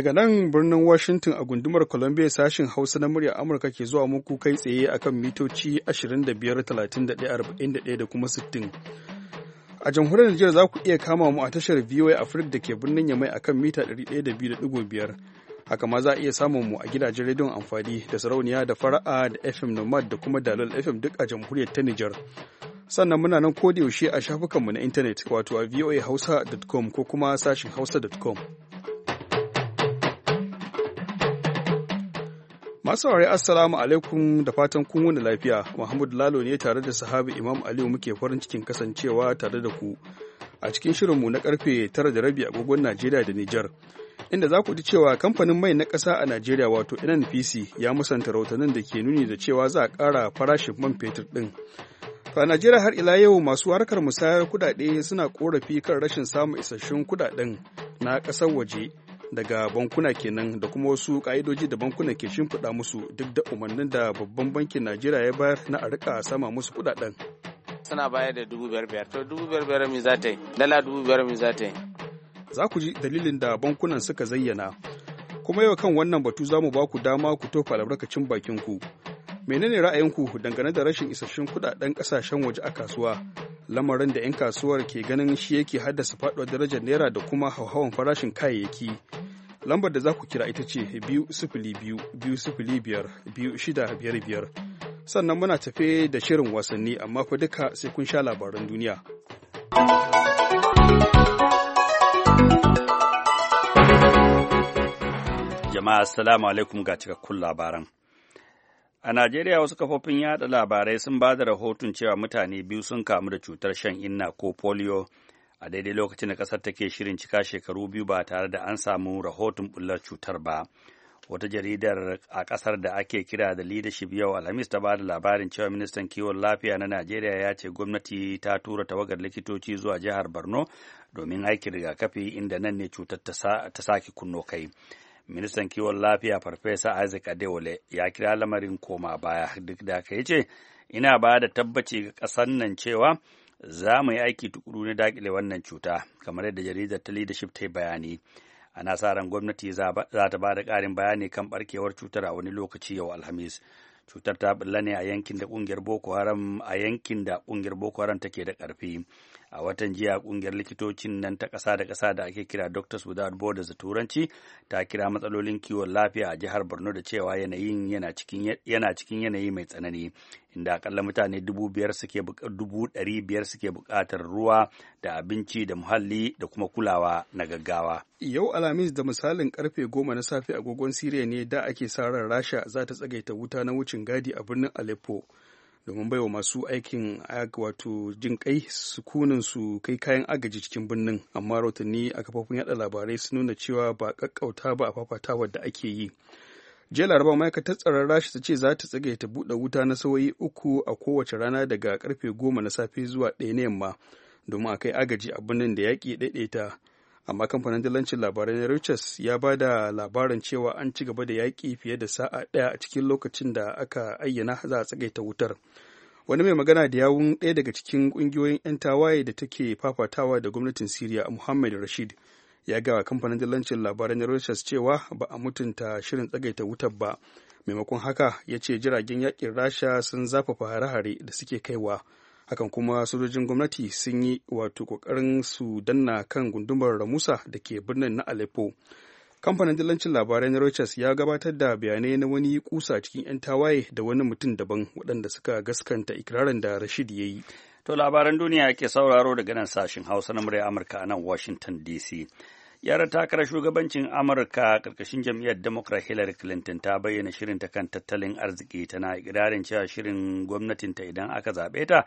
Daga nan birnin Washington a gundumar Columbia sashen Hausa na murya Amurka ke zuwa muku kai tsaye akan mitoci 25, da kuma 60. A jamhuriyar Nijar za ku iya kama mu a tashar VOA Africa da ke birnin Yamai akan mita 102.5. Haka ma za a iya samun mu a gidajen rediyon amfani da sarauniya da fara'a da FM Nomad da kuma Dalol FM duk a jamhuriyar ta Nijar. Sannan muna nan ko da yaushe a shafukanmu na intanet wato a voahausa.com ko kuma sashin hausa.com. Masu saurari Assalamu alaikum da fatan kun wani lafiya. Muhammadu Lalo ne tare da sahabi Imam Aliyu muke farin cikin kasancewa tare da ku a cikin shirinmu na karfe tara da rabi agogon Najeriya da Nijar. Inda za ku ji cewa kamfanin mai na ƙasa a Najeriya wato NNPC ya musanta rautanin da ke nuni da cewa za a ƙara farashin man fetur ɗin. A Najeriya har ila yau masu harkar musayar kuɗaɗe suna ƙorafi kan rashin samun isasshun kuɗaɗen na ƙasar waje daga bankuna kenan da kuma wasu ka'idoji da bankuna ke shimfiɗa musu duk da umarnin da babban bankin najeriya ya bayar na a rika sama musu kuɗaɗen suna bayar da dubu biyar biyar to dubu biyar biyar mi za yi dala dubu biyar mi za yi za ku ji dalilin da bankunan suka zayyana kuma yau kan wannan batu za mu ba ku dama ku tofa albarkacin bakin ku menene ra'ayinku dangane da rashin isasshun kudaden kasashen waje a kasuwa lamarin da 'yan kasuwar ke ganin shi yake haddasa faduwar darajar naira da kuma hauhawan farashin kayayyaki lambar da za ku kira ita ce biyu sifili biyu biyu sifili biyar biyu shida biyar biyar sannan muna tafe da shirin wasanni amma fa duka sai kun sha labaran duniya jama'a assalamu alaikum ga cikakkun labaran A Najeriya wasu kafofin yada labarai sun ba da rahoton cewa mutane biyu sun kamu da cutar shan inna ko polio a daidai lokacin da ƙasar take shirin cika shekaru biyu ba tare da an samu rahoton bullar cutar ba. Wata jaridar a ƙasar da ake kira da leadership yau Alhamis ta ba da labarin cewa ministan kiwon lafiya na Najeriya ya ce gwamnati ta tura tawagar likitoci zuwa jihar Borno domin aikin rigakafi inda nan ne cutar ta sake kunno kai. ministan kiwon lafiya farfesa isaac adewale ya kira lamarin koma baya duk da aka ce ina ba da tabbaci ga ƙasar nan cewa za mu yi aiki tukuru na dakile wannan cuta kamar yadda jaridar ta leadership ta yi bayani ana sa ran gwamnati za ta ba da ƙarin bayani kan barkewar cutar a wani lokaci yau alhamis cutar ta bulla ne a yankin da kungiyar boko haram a yankin da kungiyar boko haram take da ƙarfi a watan jiya kungiyar likitocin nan ta ƙasa da ƙasa da ake kira doctors without borders da turanci ta kira matsalolin kiwon lafiya a jihar borno da cewa yanayin yana cikin yanayi mai tsanani inda akalla mutane biyar suke bukatar buƙatar ruwa da abinci da muhalli da kuma kulawa na gaggawa. Yau Alhamis da misalin karfe goma na safe agogon Siriya ne da ake sa Rasha za ta tsagaita wuta na wucin gadi a birnin Aleppo. domin baiwa masu aikin wato jin kai sukunin su kai kayan agaji cikin birnin amma rahotanni a kafofin yada labarai sun nuna cewa ba kakkauta ba a fafata da ake yi jiya laraba ma'aikatar tsaron rasha ta ce za ta tsage ta buɗe wuta na sawayi uku a kowace rana daga karfe goma na safe zuwa ɗaya na yamma domin a kai agaji a birnin da yaƙi ɗaiɗaita amma kamfanin dillancin labarai na Reuters ya ba da labarin cewa an ci gaba da yaƙi fiye da sa'a ɗaya a cikin lokacin da aka ayyana za a tsagaita wutar. Wani mai magana da yawun ɗaya daga cikin ƙungiyoyin 'yan tawaye da take fafatawa da gwamnatin Siriya Muhammad Rashid ya gawa kamfanin dillancin labarai na Reuters cewa ba a mutunta shirin tsagaita wutar ba. Maimakon haka ya ce jiragen yaƙin Rasha sun zafafa hare-hare da suke kaiwa. hakan kuma sojojin gwamnati sun yi wato kokarin su danna kan gundumar ramusa da ke birnin na aleppo kamfanin dillancin labarai na reuters ya gabatar da bayanai na wani kusa cikin 'yan tawaye da wani mutum daban waɗanda suka gaskanta ikirarin da rashid ya yi to labaran duniya ke sauraro daga nan sashen hausa na murya amurka a nan washington dc yara takarar shugabancin amurka karkashin jam'iyyar democrat hillary clinton ta bayyana shirin ta kan tattalin arziki tana ikirarin cewa shirin gwamnatinta idan aka zaɓe ta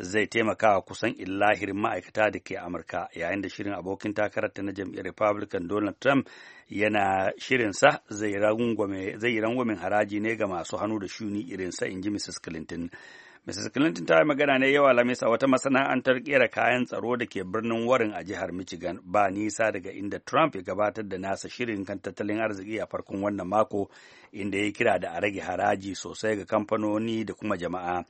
zai taimaka wa kusan illahir ma'aikata da ke amurka yayin da shirin abokin takarar ta na jam'iyyar republican donald trump yana shirinsa zai yi rangwamin haraji ne ga masu hannu da shuni irinsa in ji mrs clinton Mrs. Clinton ta yi magana ne yawa lamisa wata masana'antar kera kayan tsaro da ke birnin warin a jihar Michigan ba nisa daga inda Trump ya gabatar da nasa shirin kan tattalin arziki a farkon wannan mako inda ya kira da a rage haraji sosai ga kamfanoni da kuma jama'a.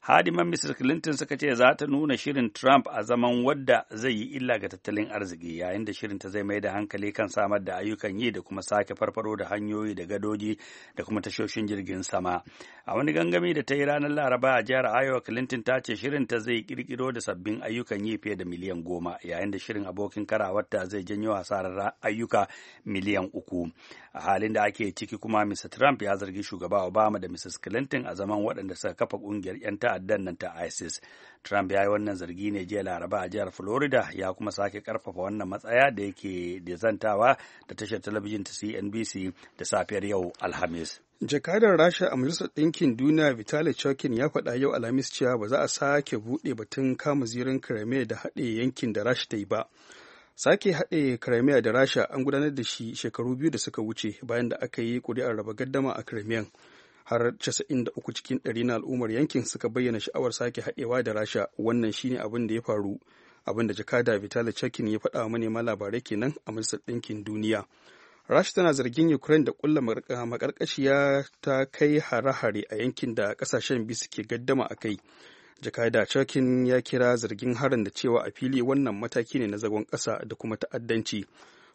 hadiman Mr clinton suka ce za ta nuna shirin trump a zaman wadda zai yi illa ga tattalin arziki yayin da shirin ta zai mai da hankali kan samar da ayyukan yi da kuma sake farfaro da hanyoyi da gadoji da kuma tashoshin jirgin sama a wani gangami da ta yi ranar laraba a jihar iowa clinton ta ce shirin ta zai kirkiro da sabbin ayyukan yi fiye da miliyan goma yayin da shirin abokin karawarta zai janyo hasarar ayyuka miliyan uku a halin da ake ciki kuma mr trump ya zargi shugaba obama da mrs clinton a zaman waɗanda suka kafa ƙungiyar 'yan ta'addan nan ta isis trump ya yi wannan zargi ne jiya laraba a jihar florida ya kuma sake karfafa wannan matsaya da yake da zantawa da tashar talabijin ta cnbc da safiyar yau alhamis jakadar rasha a majalisar ɗinkin duniya vitaly chokin ya faɗa yau alhamis cewa ba za a sake buɗe batun kama zirin crimea da haɗe yankin da rasha ta yi ba sake haɗe crimea da rasha an gudanar da shi shekaru biyu da suka wuce bayan da aka yi ƙuri'ar raba gaddama a crimea har 93 cikin 100 na al'ummar yankin suka bayyana sha'awar sake haɗewa da rasha wannan shine abin da ya faru abin da jakada vitali chekin ya faɗa wa manema labarai kenan a majalisar ɗinkin duniya rasha tana zargin ukraine da kulla makarkashiya ta kai hare-hare a yankin da ƙasashen biyu suke gaddama a kai jakada cokin ya kira zargin harin da cewa a fili wannan mataki ne na zagon kasa da kuma ta'addanci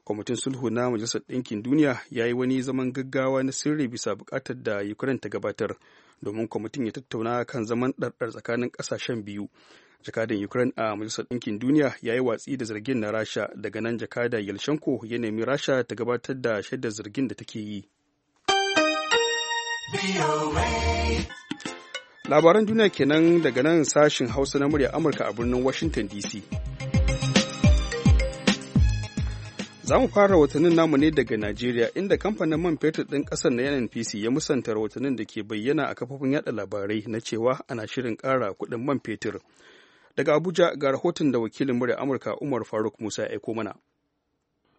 kwamitin sulhu na majalisar ɗinkin duniya ya yi wani zaman gaggawa na sirri bisa buƙatar da ukraine ta gabatar domin kwamitin ya tattauna kan zaman ɗarɗar tsakanin ƙasashen biyu jakadan ukraine a majalisar ɗinkin duniya ya yi watsi da zargin na rasha daga nan jakada yelshenko ya nemi rasha ta gabatar da shaidar zargin da take yi labaran duniya kenan daga nan sashin hausa na murya amurka a birnin washington dc za mu fara watannin namu ne daga najeriya inda kamfanin man fetur ɗin ƙasar na nnpc ya musanta watannin da ke bayyana a kafofin yada labarai na cewa ana shirin ƙara kuɗin man fetur daga abuja ga rahoton da wakilin murya amurka umar faruk musa ya aiko mana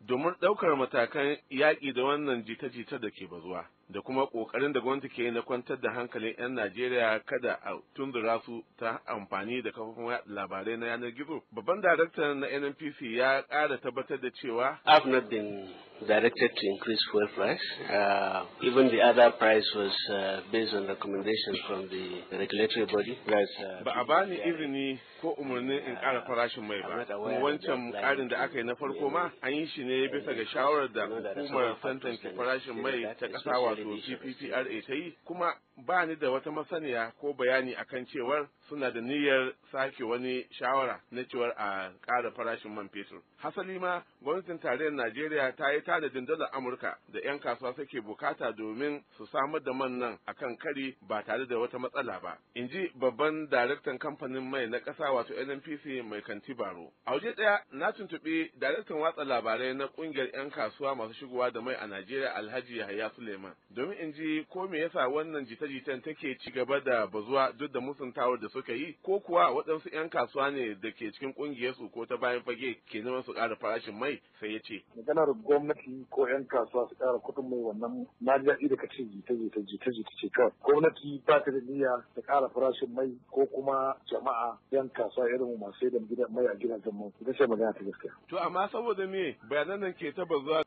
domin ɗaukar matakan yaƙi da wannan jita-jita da ke bazuwa da kuma ƙoƙarin da gwamnati ke na kwantar da hankalin 'yan Najeriya kada a tunzura su ta amfani da kafofin labarai na yanar gizo. Babban daraktan na NNPC ya ƙara tabbatar da cewa. I've not been directed to increase fuel price. Uh, even the other price was uh, based on recommendations from the regulatory body. That's, uh, ba a bani izini ko umarnin in ƙara farashin mai ba. Kuma wancan ƙarin da aka yi na farko ma an yi shi ne bisa ga shawarar da hukumar tantance farashin mai ta ƙasa wato cppra ta yi kuma ba ni da wata masaniya ko bayani akan cewar suna da niyyar sake wani shawara na cewar a ƙara farashin man fetur. Hasali ma gwamnatin tarayyar Najeriya ta yi tanadin dalar Amurka da 'yan kasuwa suke bukata domin su samar da man nan kan kari ba tare da wata matsala ba. In ji babban daraktan kamfanin mai na ƙasa wato NNPC mai kanti baro. A waje ɗaya na tuntuɓi daraktan watsa labarai na ƙungiyar 'yan kasuwa masu shigowa da mai a Najeriya Alhaji Yahaya Suleiman domin in ji ko me yasa wannan jita jita-jitan take ci gaba da bazuwa duk da musuntawar da suka yi ko kuwa waɗansu 'yan kasuwa ne da ke cikin ƙungiyarsu ko ta bayan fage ke neman su ƙara farashin mai sai ya ce. Maganar gwamnati ko 'yan kasuwa su ƙara kuɗin mai wannan na ji daɗi da kace jita-jita jita-jita ce kawai. Gwamnati ba ta da niyya ta ƙara farashin mai ko kuma jama'a 'yan kasuwa irin masu sai mai a gidajen mu. Ita ce magana ta gaskiya. To amma saboda me bayanan nan ke ta bazuwa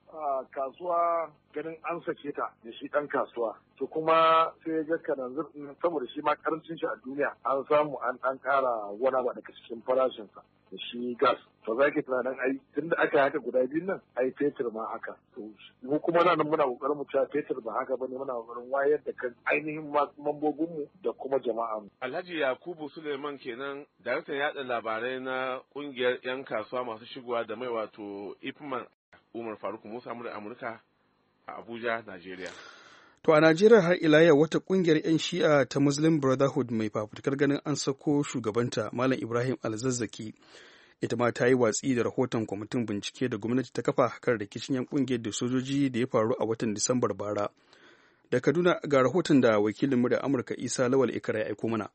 kasuwa ganin an sake ta da shi ɗan kasuwa to kuma sai ya ga nan saboda shi ma karancin shi a duniya an samu an ɗan ƙara wani ba daga cikin farashinsa da shi gas to za ki tunanin ai tunda aka haka guda biyun nan ai fetur ma haka to mu kuma nan muna kokarin mu ta fetur ba haka bane muna kokarin wayar da kan ainihin mambobin mu da kuma jama'a mu Alhaji Yakubu Suleiman kenan daraktan yada labarai na kungiyar yan kasuwa masu shigowa da mai wato Ipman Umar Faruk Musa mura Amurka a Abuja, Najeriya. To a Najeriya har ila yau wata kungiyar 'yan shi'a ta Muslim Brotherhood mai fafutukar ganin an sako shugabanta Malam Ibrahim Alzazzaki. Ita ma ta yi watsi da rahoton kwamitin bincike da gwamnati ta kafa kan rikicin 'yan kungiyar da sojoji da ya faru a watan Disambar bara. Da Kaduna ga rahoton da wakilin murya Amurka Isa Lawal Ikara ya aiko mana.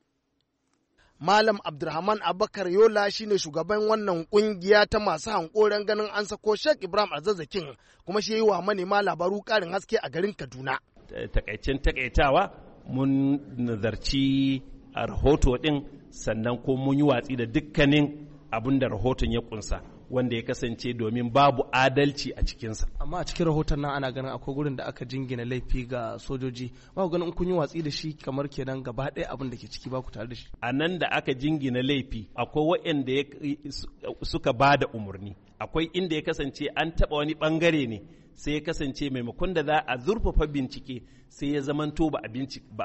Malam Abdulrahman Abakar Yola shine shugaban wannan kungiya ta masu hankoren ganin an sako Sheikh Ibrahim Azazakin kuma shi yi wa manema labaru karin haske a garin Kaduna. Eh, takaicin takaitawa mun nazarci a rahoto din sannan ko mun yi watsi da dukkanin abin da rahoton ya kunsa. wanda ya kasance domin babu adalci a cikinsa. Amma a cikin rahoton nan ana ganin akwai gurin da aka jingina laifi ga sojoji, ba ganin kun yi watsi da shi kamar kenan gaba ɗaya abin da ke ciki ba ku tare da shi. A nan da aka jingina laifi akwai waɗanda suka ba da umarni, akwai inda ya kasance an taɓa wani ɓangare ne sai ya kasance maimakon da za a zurfafa bincike sai ya zamanto ba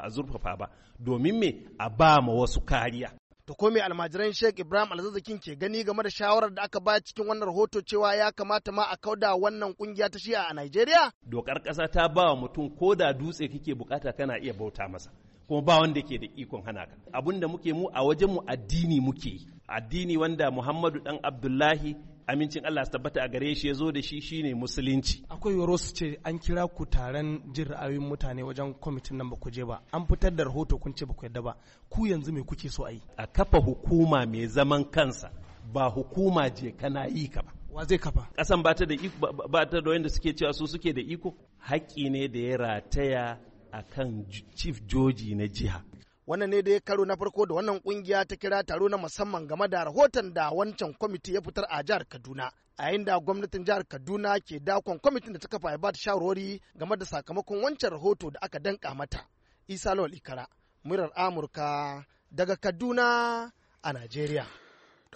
a zurfafa ba domin me a ba ma wasu kariya. To ko me almajiran Sheikh Ibrahim Alzazzakin ke gani game da shawarar da aka bayar cikin wannan rahoto cewa ya kamata ma a kauda wannan kungiya ta Shi'a a Najeriya? Dokar ƙasa ta ba wa mutum ko da dutse kake bukata kana iya bauta masa. Kuma ba wanda ke da ikon hana ka. Abin da muke mu a wajen mu addini muke. Addini wanda Muhammadu dan Abdullahi amincin Allah su tabbata a gare shi ya zo da shi ne musulunci akwai yoro su ce an kira ku taron jin ra'ayoyin mutane wajen kwamitin nan ba ku je ba an fitar da rahoto kun ce ba ku yadda ba ku yanzu me kuke so a yi a kafa hukuma mai zaman kansa ba hukuma je kana yi ka ba wa zai kafa kasan ba ta da iko ba ta da wanda suke cewa su suke da iko haƙƙi ne da ya rataya akan chief joji na jiha wannan ne da ya karo na farko da wannan kungiya ta kira taro na musamman game da rahoton da wancan kwamiti ya fitar a jihar kaduna a yayin da gwamnatin jihar kaduna ke dakon kwamitin da ta kafa ya shawarwari game da sakamakon wancan rahoto da aka danka mata isa lawal ikara murar amurka daga kaduna a najeriya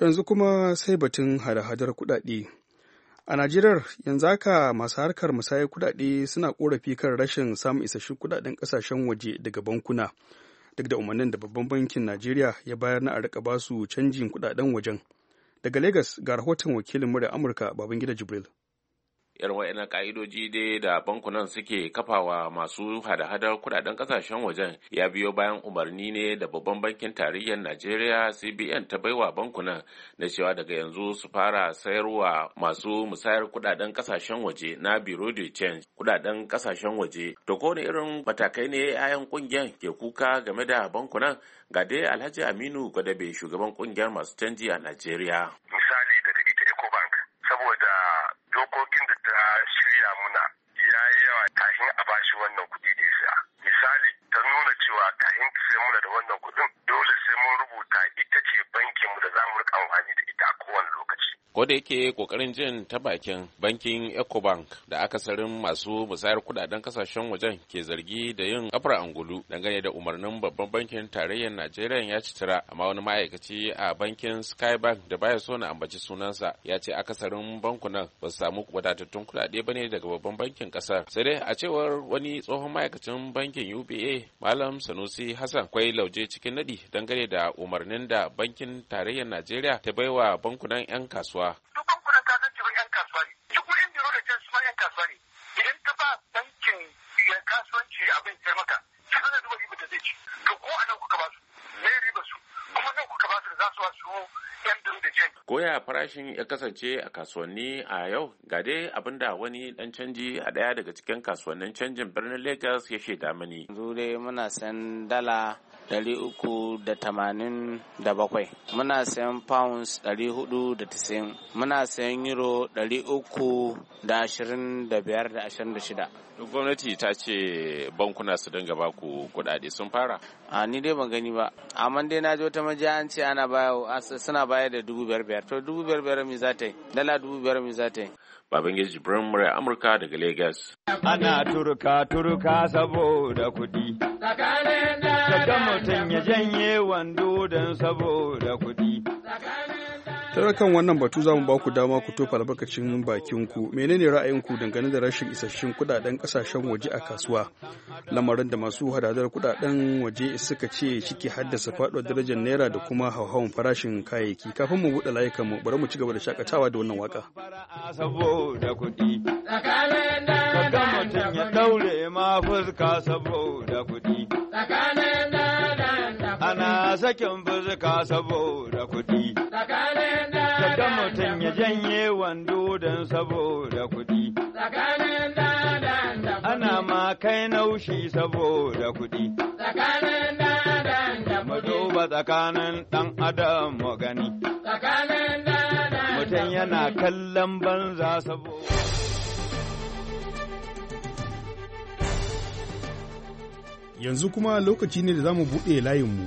yanzu kuma sai batun hada-hadar kuɗaɗe a najeriya yanzu haka masu harkar musayar kuɗaɗe suna korafi kan rashin samun isasshen kuɗaɗen kasashen waje daga bankuna duk da umarnin da babban bankin najeriya ya bayar na a rika basu canjin kudaden wajen daga lagos ga rahoton wakilin murya amurka babangida jibril irin wa'ina ka'idoji dai da bankunan suke kafawa masu hada-hadar kudaden kasashen wajen ya biyo bayan umarni ne da babban bankin tarayyar najeriya cbn ta baiwa bankunan na cewa daga yanzu su fara sayarwa masu musayar kudaden kasashen waje na biro de change kudaden kasashen waje to ko irin matakai ne 'ya'yan kungiyar ke kuka game da bankunan ga dai alhaji aminu gwadabe shugaban kungiyar masu canji a najeriya misali daga ecobank saboda dokokin our sai muna da wannan dole sai mun rubuta ita ce bankin mu da za mu rika amfani da ita a kowane lokaci. Ko da yake kokarin jin ta bakin bankin Ecobank da akasarin masu musayar kudaden kasashen wajen ke zargi da yin kafar angulu dangane da umarnin babban bankin tarayyar Najeriya ya ci tara amma wani ma'aikaci a bankin Skybank da baya so na ambaci sunansa ya ce akasarin bankunan ba su samu wadatattun kudade ba ne daga babban bankin kasar sai dai a cewar wani tsohon ma'aikacin bankin UBA Malam Sanusi Hassan kwai lauje cikin naɗi dangane da umarnin da bankin tarayyar Najeriya ta baiwa bankunan 'yan kasuwa. Duk bankunan kasance 'yan kasuwa ne. Duk wani biro da ke su kasuwa ne. Idan ka ba bankin ya kasuwanci abin sai maka, sai ka duba riba da zai ci. To ko a nan kuka ba su, me riba su, kuma nan kuka that's su you can do Koya farashin ya kasance a kasuwanni a yau ga dai abin da wani dan canji a daya daga cikin kasuwannin canjin birnin Lagos ya shaida mani. Yanzu dai muna san dala dari uku da tamanin da bakwai muna sayan pounds dari hudu da tisin muna sayan euro dari uku da ashirin da biyar da ashirin da shida gwamnati ta ce bankuna su dinga ba ku kuɗaɗe sun fara a ni dai ban gani ba amma dai na ji wata majiya an ce ana baya suna bayar da dubu biyar biyar to dubu biyar biyar mi za ta yi dala dubu biyar mi za ta yi Babangiji Jibrin murya Amurka daga Lagos. Ana turka turka saboda kuɗi. Saka mutum ya janye wando don saboda kuɗi. kan wannan batu za mu ba ku dama ku tofa albarkacin bakin ku menene ra'ayin ku dangane da rashin isasshen kudaden kasashen waje a kasuwa lamarin da masu hadadar kudaden waje suka ce shike haddasa faduwar darajar naira da kuma hauhawan farashin kayayyaki kafin mu buɗe layukan mu bari mu ci gaba da shakatawa da wannan waka saboda kuɗi ya daure ma fuska saboda sakin fuska saboda kuɗi. Daga mutum ya janye wando don saboda kuɗi. Ana ma kai naushi saboda kuɗi. Mu duba tsakanin ɗan adam mu gani. Mutum yana kallon banza saboda. yanzu kuma lokaci ne da za mu buɗe layinmu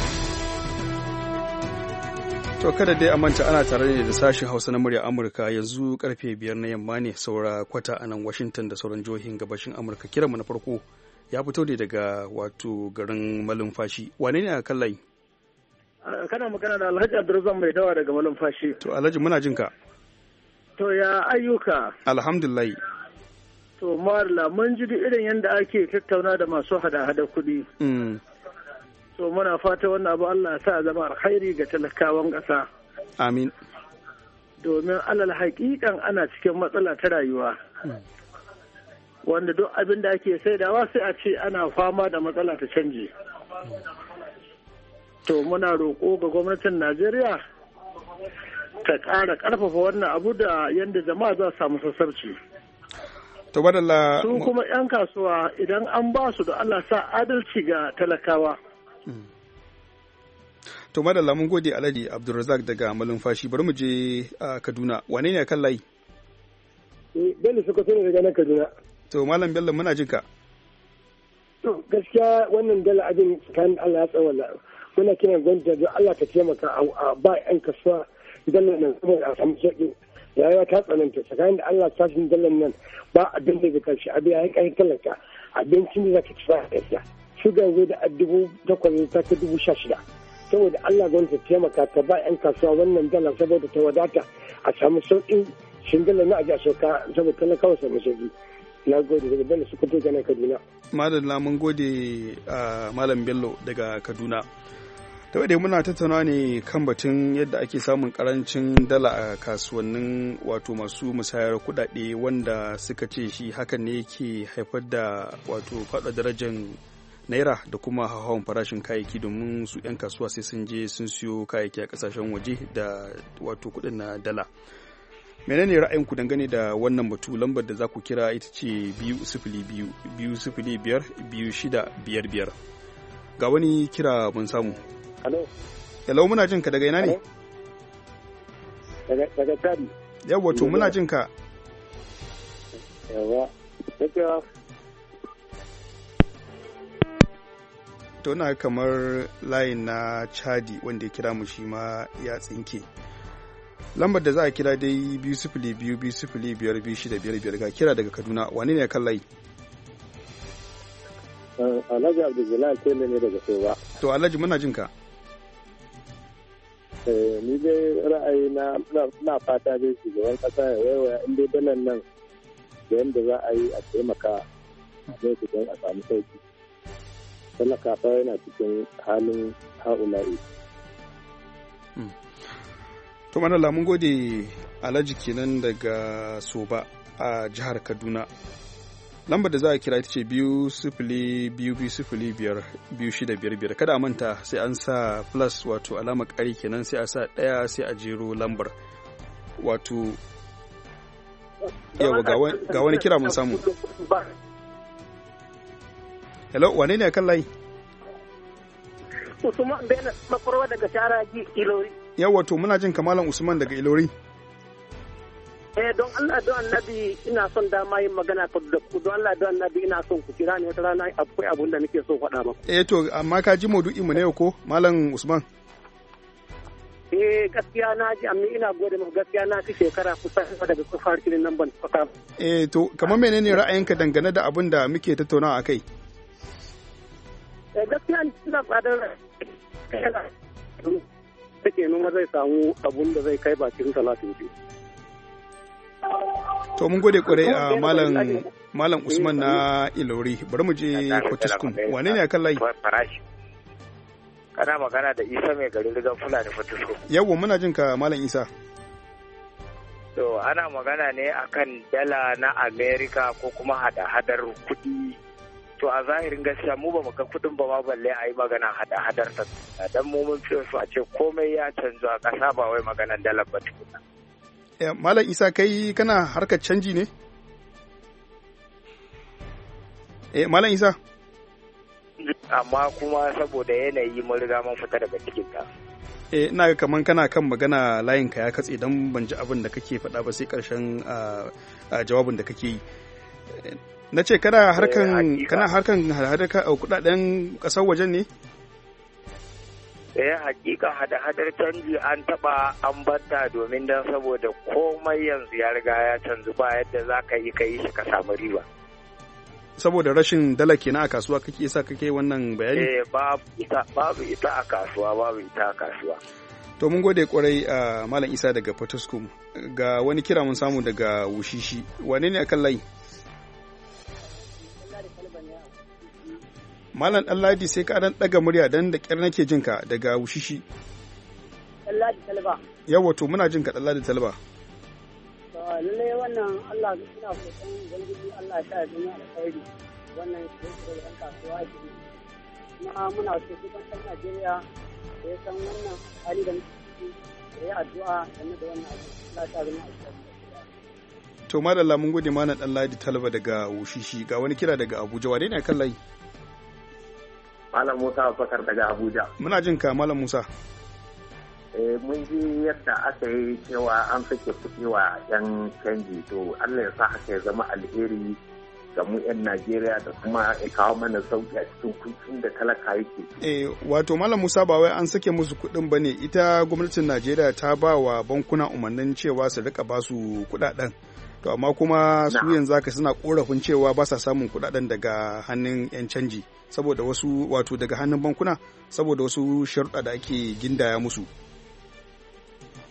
To kada dai a manta ana tare ne da sashen Hausa na murya Amurka yanzu karfe biyar na yamma ne saura kwata a nan Washington da sauran jihohin gabashin Amurka kiranmu na farko ya fito ne daga wato garin Malumfashi. Wane ne a kan layi? Ah, kana magana da Alhaji Abdulrazak mai dawa daga Malumfashi. To Alhaji muna jin ka. To ya ayyuka. Alhamdulillah. To Marla mun ji irin yadda ake tattauna da masu hada-hada kuɗi. Mm. To muna fata wannan abu Allah sa zama alkhairi ga talakawan ƙasa amin domin alal haƙiƙan ana cikin matsala ta rayuwa wanda duk abin da ake saidawa sai a ce ana fama da matsala ta canji to muna roƙo ga gwamnatin najeriya ta ƙara ƙarfafa wannan abu da yadda jama'a za su samu sassarci kuma 'yan kasuwa idan an ba su da allah sa adalci ga talakawa to madalla mun gode alhaji abdulrazak daga Fashi bari mu je a kaduna wane ne kan layi eh, bello suka so daga nan kaduna to malam bello muna jinka to gaskiya wannan dala abin kan allah ya tsawala muna kiran gwamnati da allah ta taimaka a ba yan kasuwa dala nan kuma a samu sauƙi rayuwa ta tsananta tsakanin da allah ta sashin dala nan ba abin da zai karshe abin ya yi ƙarfi talaka abincin da za ka ci ba gaskiya. shuga zai da dubu takwas ta ta dubu sha shida saboda Allah gwamnati ta taimaka ta ba 'yan kasuwa wannan dala saboda ta wadata a samu sauƙin shingila na aji a shauka saboda kawai samu sauƙi na gode daga bello su kuto ganin kaduna na mun gode a malam bello daga kaduna ta wadda muna tattauna ne kan batun yadda ake samun karancin dala a kasuwannin wato masu musayar kudade wanda suka ce shi hakan ne yake haifar da wato fada darajar naira da kuma hauhawan farashin kayayyaki domin su 'yan kasuwa sai sun je sun siyo kayayyaki a kasashen waje da wato kudin na dala menene ra'ayinku dangane da wannan batu lambar da za ku kira ita ce biyu sifili biyu biyu sifili biyar biyu shida biyar biyar ga wani kira mun samu hello muna jin ka daga ina ne daga tari yawa to muna jin ka yawa to kamar layin na chadi wanda ya kira mu shi ma ya tsinke lambar da za a kira dai biyu sifili biyu biyu sifili biyar biyu shida biyar biyar ga kira daga kaduna wane ne kan layi eh, alhaji abduljalal ke ne daga soba to alhaji muna jin ka eh, ni dai ra'ayi na na fata dai shugaban kasa ya waiwaya in dai dalan nan da yadda za a yi a taimaka a don a samu sauki talaka fa yana cikin halin ha'ula'i hmm. to manalla mun gode alhaji kenan daga soba a jihar kaduna lambar da za a kira ita ce biyu sifili biyu biyu sifili biyar biyu shida biyar biyar kada a manta sai an sa plus wato alamar ƙari kenan sai a sa ɗaya sai a jero lambar wato yawa ga wani kira mun samu hello wane ne kan layi usman na makwarwa daga sharaji ilori Yau, wato, muna jin kamalan usman daga ilori eh don Allah don annabi ina son dama yin magana ta da ku don Allah don annabi ina son ku kira ni wata rana akwai abun da nake so faɗa ba. eh to amma ka ji maudu'i mu ne ko malam Usman eh gaskiya na ji amma ina gode maka gaskiya na ci shekara kusa daga kusa kirin nan ban eh to kamar menene ra'ayinka dangane da abun da muke tattaunawa akai Eh, gaskiya ne suna tsadar ke nuna zai samu abun da zai kai bakin talatin biyu. To mun gode kwarai a ah, malam malam Usman na Ilori bari mu je Kotiskum eh, wane ne akan layi? Kana magana da Isa mai garin rigar Fulani Kotiskum. Yawwa muna jin ka malam Isa. To ana magana ne akan dala na Amerika ko kuma hada-hadar kuɗi to a zahirin gaskiya mu ba mu ga kudin ba ma balle a yi magana hada-hadar ta dan mu mun fi su a ce komai ya canzu a ƙasa ba wai maganar dalar ba tukuna. Eh, Malam Isa kai kana harkar canji ne? Eh Malam Isa. Amma kuma saboda yanayi mun riga mun fita daga cikin ka. Eh ina ga kaman kana kan magana layin ka ya katse dan ban ji abin da kake faɗa ba sai ƙarshen ah, ah, jawabin da kake yi. Eh, na ce kana eh, harkan kana harkan hadaka a kudaden kasar wajen ne eh hakika hada-hadar canji an taba an banta domin dan saboda komai yanzu ya riga ya canzu ba yadda za ka yi ka yi shi ka samu riba saboda rashin dala na a kasuwa kake sa kake wannan bayani eh babu ita a kasuwa babu ita a kasuwa to mun gode kwarai a ah, malam isa daga potoskum ga wani kira mun samu daga wushishi wane ne akan layi Malam Ɗanladi sai ka ɗan ɗaga murya dan da ƙyar nake jin ka daga wushishi. Ɗanladi Talba. Yawa to muna jin ka Ɗanladi Talba. Lallai wannan Allah ɗan kasuwa Talba daga wushishi ga wani kira daga Abuja wa ne kan layi. Malam Musa Fakar daga Abuja. Muna jin ka Malam Musa. Eh mun ji yadda aka yi cewa an sake kuɗi wa 'yan canji to Allah ya sa haka ya zama alheri ga mu 'yan Najeriya da kuma ya kawo mana sauki a cikin kuncin da talaka yake. Eh wato Malam Musa ba wai an sake musu kuɗin ba ne ita gwamnatin Najeriya ta ba wa bankuna umarnin cewa su rika basu kuɗaɗen. to amma kuma su yanzu haka suna korafin cewa ba sa samun kudaden daga hannun 'yan canji saboda wasu wato daga hannun bankuna saboda wasu sharuɗa da ake gindaya musu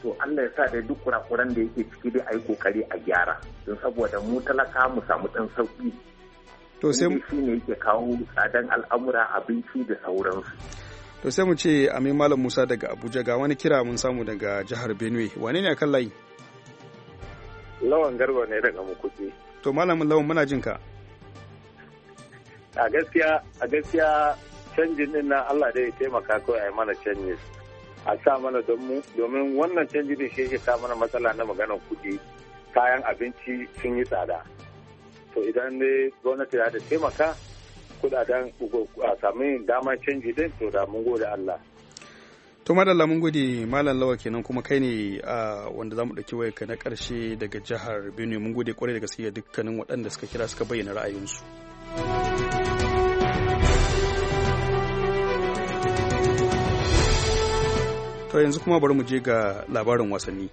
to Allah ya sa da duk kurakuran da yake ciki dai a kokari a gyara don saboda mu talaka mu samu ɗan sauƙi to sai shi ne yake kawo tsadan al'amura abinci da sauransu to sai mu ce amin malam musa daga abuja ga wani kira mun samu daga jihar benue wane ne a kan layi Lawan garba ne daga mukuti. To malamin lawan muna jin ka. A gaskiya a gaskiya canjin din nan Allah dai ya taimaka kawai a yi mana canji. A sa mana domin wannan canji din shi ke sa mana matsala na maganar kuɗi kayan abinci sun yi tsada. To idan ne gwamnati da taimaka kudaden a sami damar canji din to da mun gode Allah. to madalla mun gode malam lawa kenan kuma kai ne wanda zamu dauki wayar ka na karshe daga jihar Benue mun gode kwarai da gaske dukkanin waɗanda suka kira suka bayyana ra'ayinsu to yanzu kuma bari mu je ga labarin wasanni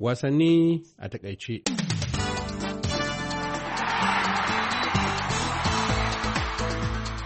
wasanni a takaice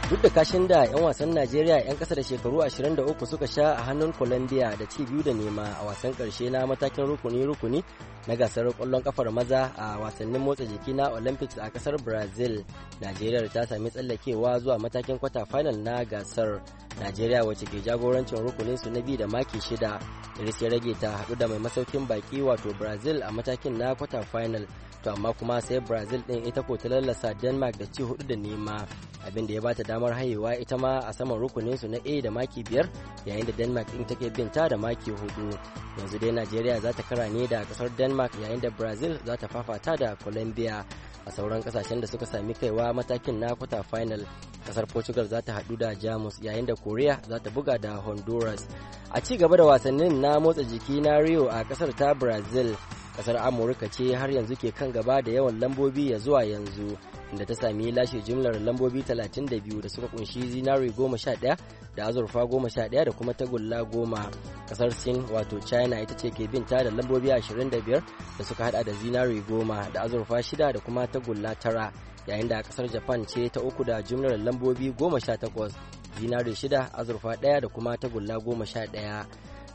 duk da kashin da 'yan wasan najeriya 'yan kasa da shekaru 23 suka sha a hannun colombia da ci biyu da nema a wasan karshe na matakin rukuni-rukuni na gasar kwallon kafar maza a wasannin motsa jiki na olympics a kasar brazil najeriya ta sami tsallakewa zuwa matakin kwata final na gasar najeriya wacce ke jagorancin rukunin su na biyu da maki shida iris ya rage ta haɗu da mai masaukin baki wato brazil a matakin na kwata final to amma kuma sai brazil ɗin ita ko ta lallasa denmark da ci hudu da nema abinda ya bata damar haihuwa ita ma a saman rukunin su na A da maki biyar yayin da Denmark ɗin take bin ta da maki hudu. Yanzu dai Najeriya za ta kara ne da kasar Denmark yayin da Brazil za ta fafata da Colombia. A sauran kasashen da suka sami kaiwa matakin na kwata final kasar Portugal za ta haɗu da Jamus yayin da Korea za ta buga da Honduras. A ci gaba da wasannin na motsa jiki na Rio a kasar ta Brazil kasar amurka ce har yanzu ke kan gaba da yawan lambobi ya zuwa yanzu inda ta sami lashe jimlar lambobi 32 da suka kunshi zinari 11 da azurfa 11 da kuma tagulla 10 kasar sin wato china ita ce ke binta da lambobi 25 da suka hada da zinari 10 da azurfa 6 da kuma tagulla 9 yayin da kasar japan ce ta uku da jimlar lambobi 18 zinari 6 azurfa 1 da kuma tagulla 11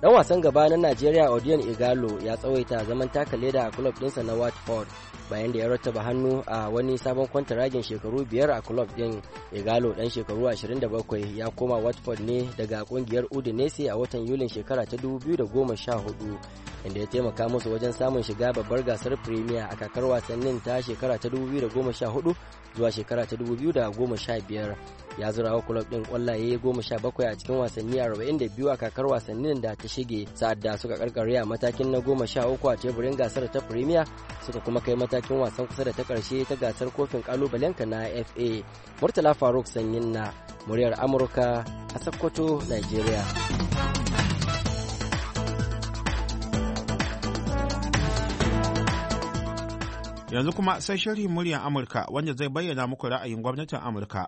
dan wasan gaba na najeriya odion igalo ya tsawaita zaman taka leda a club dinsa na watford bayan da ya rattaba hannu a wani sabon kwantaragin shekaru biyar a club din igalo dan shekaru 27 ya koma watford ne daga kungiyar udinese a watan yulin shekara ta 2014 inda ya taimaka musu wajen samun shiga babbar gasar premier a kakar wasannin ta shekara ta 2014 zuwa shekara ta 2015 ya zura wa kulob din kwallaye goma sha bakwai a cikin wasanni arba'in da biyu a kakar wasannin da ta shige sa'ad da suka karkare a matakin na goma sha uku a teburin gasar ta firimiya suka kuma kai matakin wasan kusa da ta karshe ta gasar kofin kalubalenka na fa murtala faruk sanyin na muryar amurka a sokoto nigeria Yanzu kuma sai shirin muryar Amurka wanda zai bayyana muku ra'ayin gwamnatin Amurka.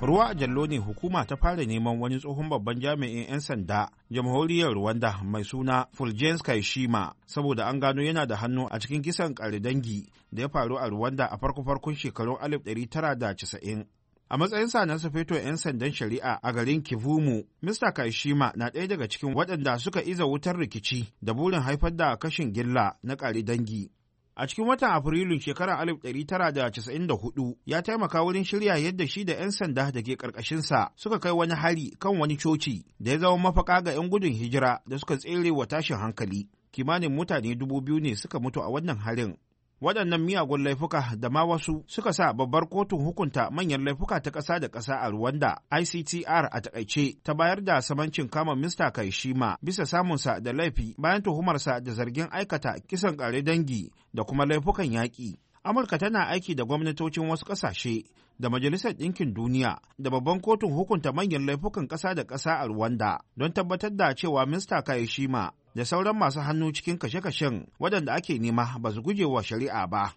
Ruwa a jallo ne hukuma ta fara neman wani tsohon babban jami'in 'yan sanda jamhuriyar Rwanda mai suna Fulgens Kaishima saboda an gano yana da hannu a cikin kisan dangi da ya faru a Rwanda a farko-farkon shekarun 1990. A matsayinsa na sufeto 'yan sandan shari'a a garin Kivumu, Mr. Kaishima na ɗaya daga cikin waɗanda suka iza wutar rikici da burin haifar da kashin gilla na ƙari dangi. A cikin watan Afrilun shekarar 1994 ya taimaka wurin shirya yadda shi da 'yan sanda da ke ƙarƙashinsa suka kai wani hari kan wani coci da ya zama mafaka ga 'yan gudun hijira da suka tsere wa tashin hankali. Kimanin mutane dubu biyu ne suka mutu a wannan harin waɗannan miyagun laifuka da ma wasu suka sa babbar kotun hukunta manyan laifuka ta ƙasa da ƙasa a Rwanda ICTR a takaice ta bayar da samancin kama Mr. Kaishima bisa samunsa da laifi bayan tuhumarsa da zargin aikata kisan ƙare dangi da kuma laifukan yaƙi. Amurka tana aiki da gwamnatocin wasu ƙasashe da Majalisar Ɗinkin Duniya da babban kotun hukunta manyan laifukan ƙasa da ƙasa a Rwanda don tabbatar da cewa Mr. Kaishima da sauran masu hannu cikin kashe-kashen waɗanda ake nema ba su guje wa shari'a ba.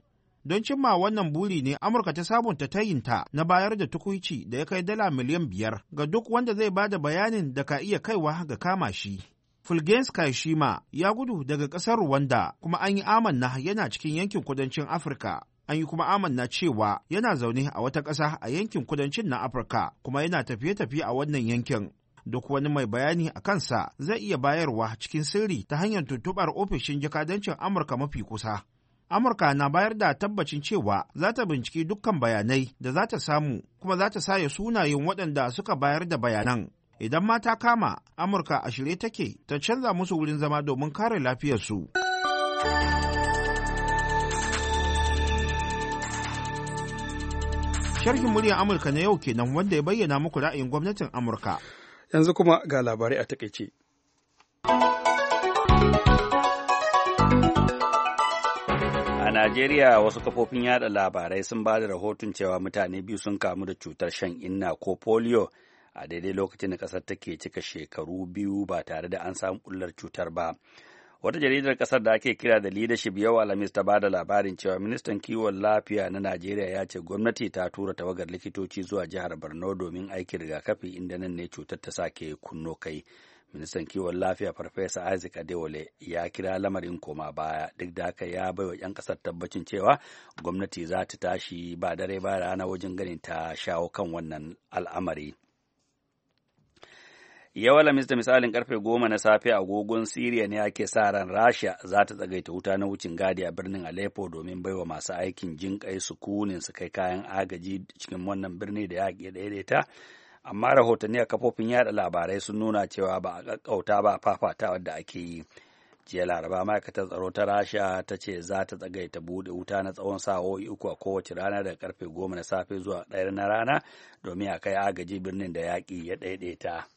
Don cimma wannan buri ne Amurka ta sabunta tayinta na bayar da tukuici da ya kai dala miliyan biyar ga duk wanda zai ba da bayanin da ka iya kaiwa ga kama shi. Fulgens Kashima ya gudu daga ƙasar Rwanda kuma an yi amanna yana cikin yankin kudancin Afirka. An yi kuma amanna cewa yana zaune a wata ƙasa a yankin kudancin na Afirka kuma yana tafiye-tafiye a wannan yankin. duk wani mai bayani a kansa zai iya bayarwa cikin sirri ta hanyar tuntubar ofishin jakadancin Amurka mafi kusa. Amurka na bayar da tabbacin cewa za ta binciki dukkan bayanai da za ta samu kuma za ta saye sunayen waɗanda suka bayar da bayanan. Idan mata ta kama, Amurka a shirye take ta canza musu wurin zama domin kare lafiyarsu. Sharhin muryar Amurka na yau kenan wanda ya bayyana muku ra'ayin gwamnatin Amurka. yanzu kuma ga labarai a takaice. A Najeriya wasu kafofin yada labarai sun ba da rahoton cewa mutane biyu sun kamu da cutar shan inna ko polio a daidai lokacin da ƙasar take cika shekaru biyu ba tare da an samu ɓullar cutar ba. wata jaridar kasar da ake kira da leadership yau alhamis ta bada labarin cewa ministan kiwon lafiya na najeriya ya ce gwamnati ta tura tawagar likitoci zuwa jihar borno domin aikin rigakafi inda nan ne cutar ta sake kunno kai ministan kiwon lafiya farfesa isaac adewale ya kira lamarin koma baya duk da haka ya baiwa 'yan kasar tabbacin cewa gwamnati za ta tashi ba dare ba rana wajen ganin ta shawo kan wannan al'amari Yau Alhamis da misalin karfe goma na safe a agogon Siriya ne ake sa ran Rasha za ta tsagaita wuta na wucin gadi a birnin Aleppo domin baiwa masu aikin jin kai sukunin su kai kayan agaji cikin wannan birni da yaƙi daidaita. Amma rahotanni a kafofin yada labarai sun nuna cewa ba a ƙaƙƙauta ba a fafatawar da ake yi. Jiya Laraba ma'aikatar tsaro ta Rasha ta ce za ta tsagaita buɗe wuta na tsawon sa'o'i uku a kowace rana daga karfe goma na safe zuwa ɗaya na rana domin a kai agaji birnin da yaƙi ya daidaita.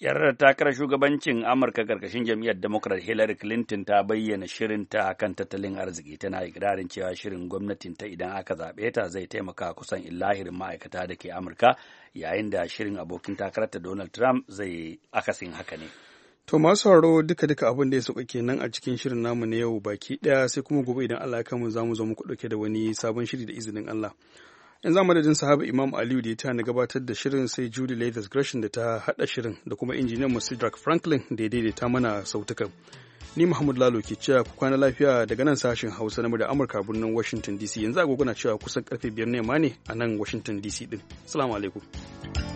Yarar takarar shugabancin Amurka karkashin jam'iyyar Democrat Hillary Clinton ta bayyana shirin ta kan tattalin arziki tana ikirarin cewa shirin gwamnatin ta idan aka zaɓe ta zai taimaka kusan illahirin ma'aikata da ke Amurka yayin da shirin abokin takararta Donald Trump zai akasin haka ne. To masu haro duka duka abin da ya sauka kenan a cikin shirin namu na yau baki ɗaya sai kuma gobe idan Allah ya kamu za mu zo muku ɗauke da wani sabon shiri da izinin Allah. in za madadin sahaba imam aliyu da ya tana gabatar da shirin sai judy leathers gresham da ta hada shirin da kuma injiniyan musu drake franklin da ya daidaita mana sautukan ni mahmud lalo ke cewa ku kwana lafiya daga nan sashen hausa na da amurka birnin washington dc yanzu agogo na cewa kusan karfe biyar na yamma ne a nan washington dc din salamu alaikum